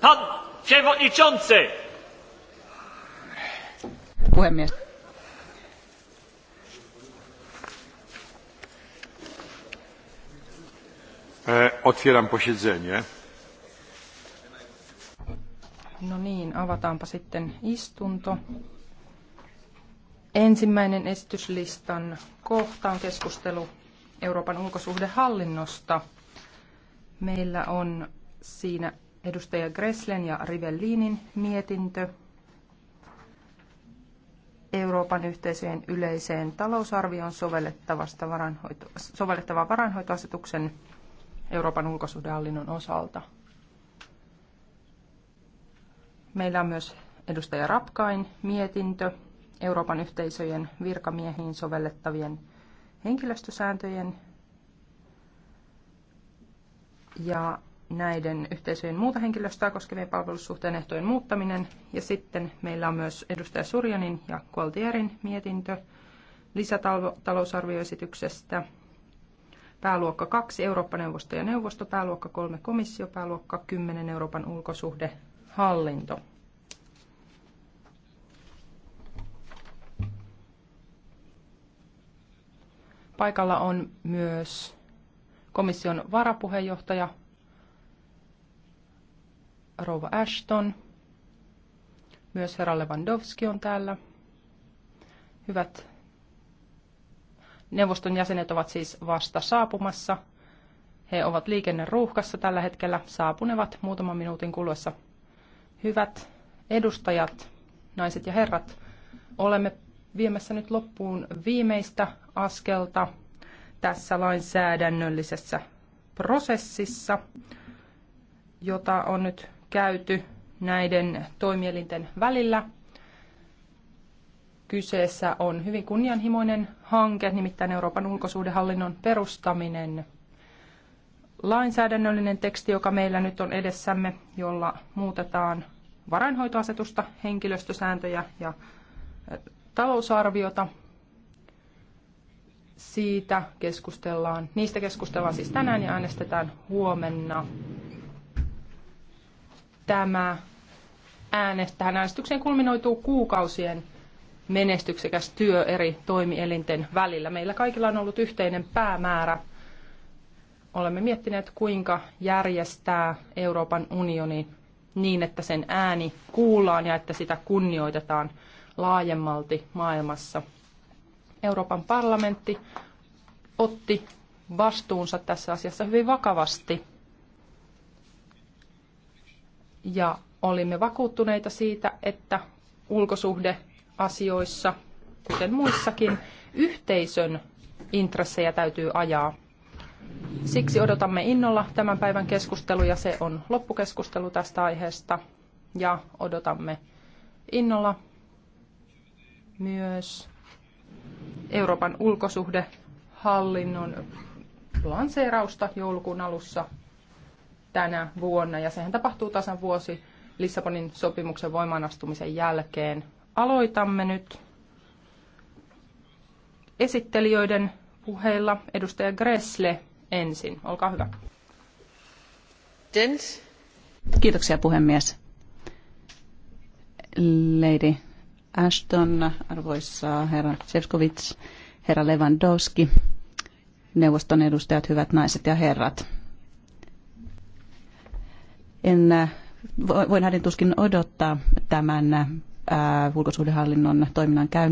Pan przewodniczący! Puhemies. E, otwieram posiedzenie. No niin, avataanpa sitten istunto. Ensimmäinen esityslistan kohta on keskustelu Euroopan ulkosuhdehallinnosta. Meillä on siinä edustaja Gresslen ja Rivellinin mietintö Euroopan yhteisöjen yleiseen talousarvioon sovellettavasta varanhoito, sovellettava varainhoitoasetuksen Euroopan ulkosuhdehallinnon osalta. Meillä on myös edustaja Rapkain mietintö Euroopan yhteisöjen virkamiehiin sovellettavien henkilöstösääntöjen ja näiden yhteisöjen muuta henkilöstöä koskevien palvelussuhteen ehtojen muuttaminen. Ja sitten meillä on myös edustaja Surjanin ja Koltierin mietintö lisätalousarvioesityksestä. Pääluokka 2, Eurooppa-neuvosto ja neuvosto, pääluokka 3, komissio, pääluokka 10, Euroopan ulkosuhde, hallinto. Paikalla on myös komission varapuheenjohtaja rouva Ashton. Myös herra Lewandowski on täällä. Hyvät neuvoston jäsenet ovat siis vasta saapumassa. He ovat liikenneruuhkassa tällä hetkellä, saapunevat muutaman minuutin kuluessa. Hyvät edustajat, naiset ja herrat, olemme viemässä nyt loppuun viimeistä askelta tässä lainsäädännöllisessä prosessissa, jota on nyt käyty näiden toimielinten välillä. Kyseessä on hyvin kunnianhimoinen hanke, nimittäin Euroopan ulkosuhdehallinnon perustaminen. Lainsäädännöllinen teksti, joka meillä nyt on edessämme, jolla muutetaan varainhoitoasetusta, henkilöstösääntöjä ja talousarviota. Siitä keskustellaan, niistä keskustellaan siis tänään ja äänestetään huomenna tämä äänes, tähän äänestykseen kulminoituu kuukausien menestyksekäs työ eri toimielinten välillä. Meillä kaikilla on ollut yhteinen päämäärä. Olemme miettineet, kuinka järjestää Euroopan unioni niin, että sen ääni kuullaan ja että sitä kunnioitetaan laajemmalti maailmassa. Euroopan parlamentti otti vastuunsa tässä asiassa hyvin vakavasti ja olimme vakuuttuneita siitä, että ulkosuhdeasioissa, kuten muissakin, yhteisön intressejä täytyy ajaa. Siksi odotamme innolla tämän päivän ja Se on loppukeskustelu tästä aiheesta ja odotamme innolla myös Euroopan ulkosuhdehallinnon lanseerausta joulukuun alussa tänä vuonna, ja sehän tapahtuu tasan vuosi Lissabonin sopimuksen voimaanastumisen jälkeen. Aloitamme nyt esittelijöiden puheilla. Edustaja Gressle ensin, olkaa hyvä. Dent. Kiitoksia puhemies. Lady Ashton, arvoisa herra Tsevskovits, herra Lewandowski, neuvoston edustajat, hyvät naiset ja herrat. En, äh, voin hänen tuskin odottaa tämän äh, ulkosuhdehallinnon toiminnan käynnistymistä.